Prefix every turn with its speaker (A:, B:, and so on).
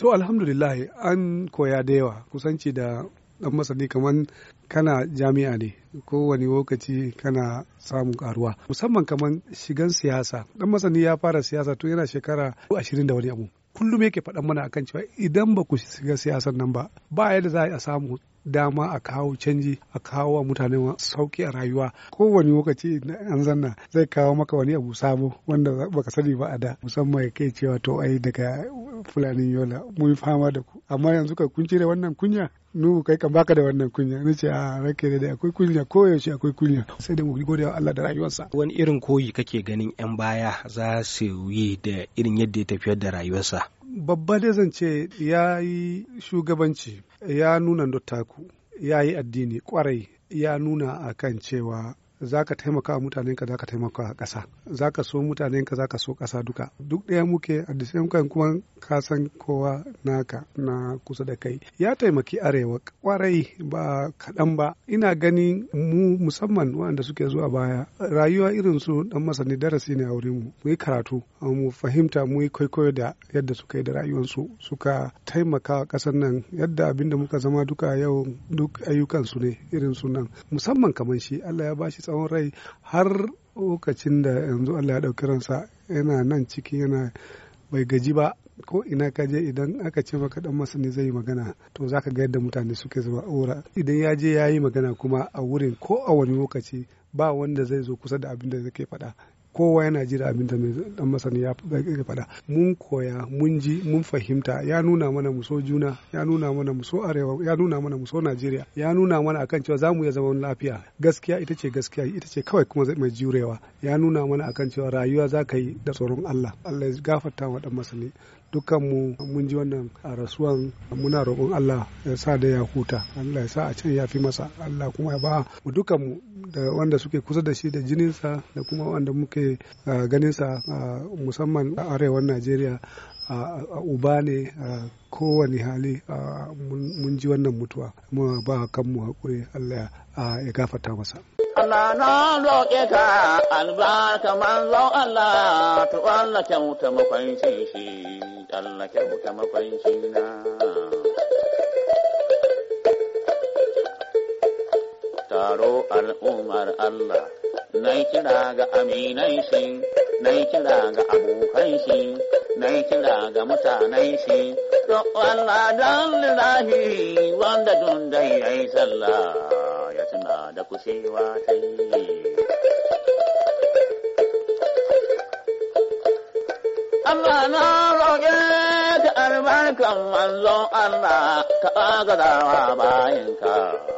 A: to alhamdulillah an koya da yawa kusanci da dan masani kamar kana jami'a ne kowane lokaci kana samun karuwa musamman kamar shigan siyasa dan masani ya fara siyasa tun yana shekara ashirin da wani abu kullum yake faɗan mana akan cewa idan ba ku shiga siyasar nan ba ba da za a samu dama a kawo canji a kawo wa mutane sauki a rayuwa kowane lokaci an zanna zai kawo maka wani abu sabo wanda baka sani ba a da musamman kai cewa to ai daga fulanin yola mun fama da ku amma yanzu ka kun cire wannan kunya nu kai kan baka da wannan kunya ni ce a ah, rake da akwai kunya ko yaushe akwai kunya sai da mu gode wa Allah da rayuwarsa wani irin koyi kake ganin yan baya za su yi da irin yadda ya tafiyar da rayuwarsa babba da zan ce ya yi shugabanci ya nuna dottaku ya yi addini kwarai ya nuna akan cewa za ka taimaka wa mutanenka za ka taimaka wa ƙasa za ka so mutanenka za ka so ƙasa duka duk ɗaya muke a disiyan kan kuma ka san kowa naka na kusa da kai ya taimaki arewa kwarai ba kaɗan ba ina ganin mu musamman waɗanda suke zuwa baya rayuwa irin su ɗan masani darasi ne a wurin mu mu yi karatu mu fahimta mu yi kwaikwayo da yadda suka yi da rayuwarsu suka taimaka wa ƙasar nan yadda abin da muka zama duka yau duk ayyukansu ne irin sunan musamman kamar shi Allah ya bashi tsawon rai har lokacin da yanzu Allah ya ɗauki ransa yana nan ciki yana bai gaji ba ko ina ka je idan aka ce maka dan masani zai yi magana to zaka ga yadda mutane suke zama aura idan ya je ya yi magana kuma a wurin ko a wani lokaci ba wanda zai zo kusa da abin da zai ke faɗa kowa yana jira abin da mai dan masani ya faɗa mun koya mun ji mun fahimta ya nuna mana mu juna ya nuna mana mu so arewa ya nuna mana mu najeriya ya nuna mana akan cewa zamu iya zaman lafiya gaskiya ita ce gaskiya ita ce kawai kuma zai mai jurewa ya nuna mana akan cewa rayuwa za ka yi da tsoron allah allah ya gafarta wa dan masani dukkanmu mun ji wannan a rasuwan muna roƙon Allah ya sa da ya huta Allah ya sa a can ya fi masa Allah kuma ya ba mu dukkanmu da wanda suke kusa da shi da jininsa da kuma wanda muke ganinsa musamman a arewan Najeriya a uba ne a kowane hali mun ji wannan mutuwa mu ba kanmu haƙuri Allah ya gafata masa
B: Allah na roƙe ka albarka manzon Allah to Allah kyauta makwancin shi Allah kyauta makwancin na taro al'ummar Allah na kira ga aminai shi na kira ga abokan shi na kira ga mutanen shi don Allah don lillahi wanda dun dai ai sallah suna da kusewa ta yi. Allah na roƙe ta albarkan manzon Allah ka agazawa bayanka.